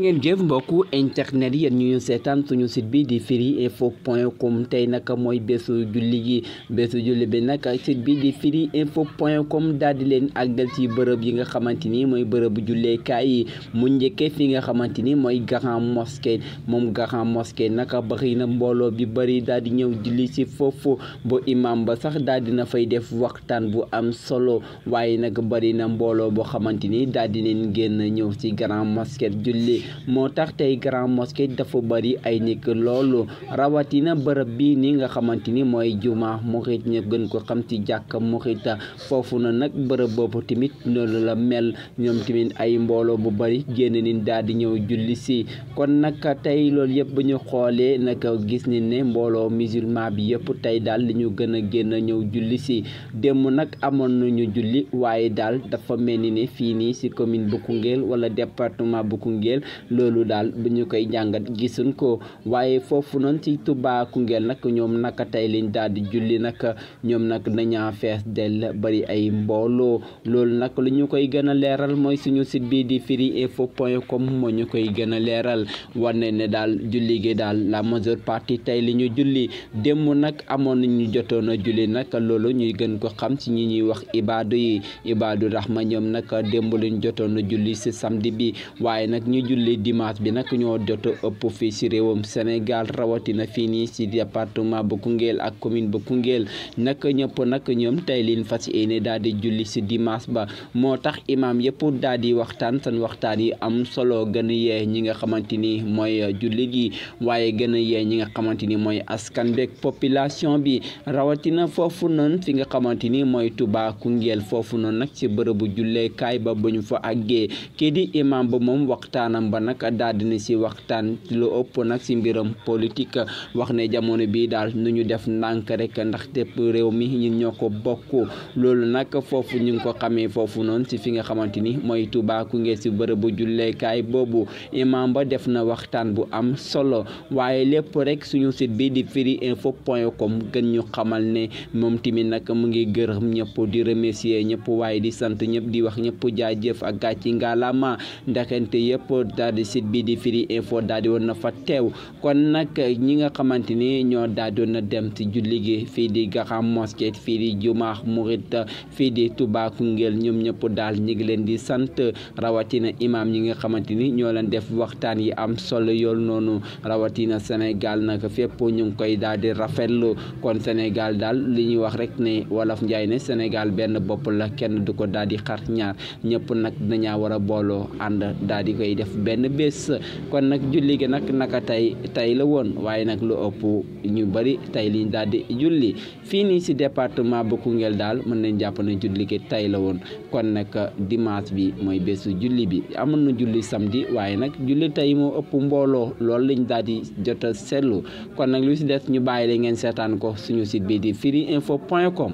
ngeen jëf mbokku internet yi ñu sétan suñu site bi di firiinfo.com tay nak moy bëssu julli gi bëssu julli bi nak site bi di firiinfo.com daal di leen àggal ci bërepp yi nga xamanteni moy bërepp julle kay yi mu ñëkke fi nga xamanteni moy Grand Mosquée mom Grand Mosquée nak bëri na mbooloo bi bari daal di ñëw julli si fofu bo imam ba sax daal na fay def waxtaan bu am solo waye nak bari na mbolo bo xamanteni ni daal di leen genn ñëw ci Grand Mosquée julli moo tax tey grand mosquée dafa bari ay nekk loolu rawatina bërëb bii ni nga xamante ni mooy juma muxit ñu gën ko xam ci jàkka muxit foofu na nag bërëb boobu tamit loolu la mel ñoom tamit ay mbooloo bu bari génn ni daal di ñëw julli si kon nag tey loolu yëpp bu ñu xoolee nag gis ni ne mbooloo musulman bi yëpp tey daal li ñu gën a génn ñëw julli si démb nag amoon nañu julli waaye daal dafa mel ni ne fii nii si commune bu Koungheul wala département bu Koungheul loolu daal bu ñu koy jàngat gisuñ ko waaye foofu noonu ci Touba Koungheul nag ñoom naka tey liñ daal di julli nag ñoom nag nañaa fees del bari ay mbooloo loolu nag lu ñu koy gën a leeral mooy suñu site di firiinfos point com moo ñu koy gën a leeral wane ne daal julli gi daal la majeure partie tey li ñu julli démb nag amoon nañu jotoon a julli nag loolu ñuy gën ko xam ci ñi ñuy wax ibaadu yi ibaadu rahma ñoom nag démb lañ jotoon a julli ci samedi bi waaye nag ñu julli le dimanche bi nag ñoo jot ëpp fii si réewam Sénégal rawatina fii nii si département bu Koungheul ak commune bu Koungheul nag ñëpp nag ñoom tey liñ fas yéene daal di julli si dimanche ba moo tax imaam yëpp daal di waxtaan seen waxtaan yi am solo gën a yee ñi nga xamante ni mooy julli gi waaye gën a yee ñi nga xamante ni mooy askan beeg population bi rawatina foofu noonu fi nga xamante ni mooy Touba Koungheul foofu noonu nag si bërëbu julleekaay ba bu ñu fa àggee kii di ba moom waxtaanam ba nak daal dina si waxtaan lu upp nak ci mbiram politique wax ne jamono bi daal nu ñu def nank rek tepp rew mi ñun ñoko bokku bokk loolu nag foofu ñu ko xame fofu non si fi nga ni mooy Touba Koungheul si bërëbu kay bobu imam ba def na waxtaan bu am solo waye lepp rek suñu site bi di firi info gën ñu xamal ne mom timi nak mu ngi gërëm ñepp di remercier ñepp waye di sante ñepp di wax ñepp jaajeuf ak gaati ngalama ndaxante yepp daal di site bi di firi info daldi won na fa tew kon nak ñi nga xamanteni ni ñoo daal na dem ci julli gi fi di Gaxam mosquée fi di Jumaa Murit fi di Touba Koungheul ñom ñëpp dal ñi ngi leen di sant rawatina imam ñi nga xamanteni ni ñoo leen def waxtaan yi am solo yool noonu rawatina Sénégal nak fepp ñu ngi koy daldi rafetlu kon Sénégal dal li ñi wax rek ne wolof njaay ne Sénégal ben bop la kenn duko daldi xar ñaar ñëpp nak dañaa war a booloo ànd koy def benn bés kon nag julli gi nag naka tey tey la woon waaye nag lu ëpp ñu bari tey liñ daal julli fii nii si département bu Koungheul daal mën nañ jàpp ne julli gi tey la woon kon nag dimaas bi mooy bésu julli bi amoon na julli samedi waaye nag julli tey moo ëpp mbooloo loolu lañ daal di jot seetlu kon nag lu ci des ñu bàyyi la ngeen seetaan ko suñu site bi di firiinfo point com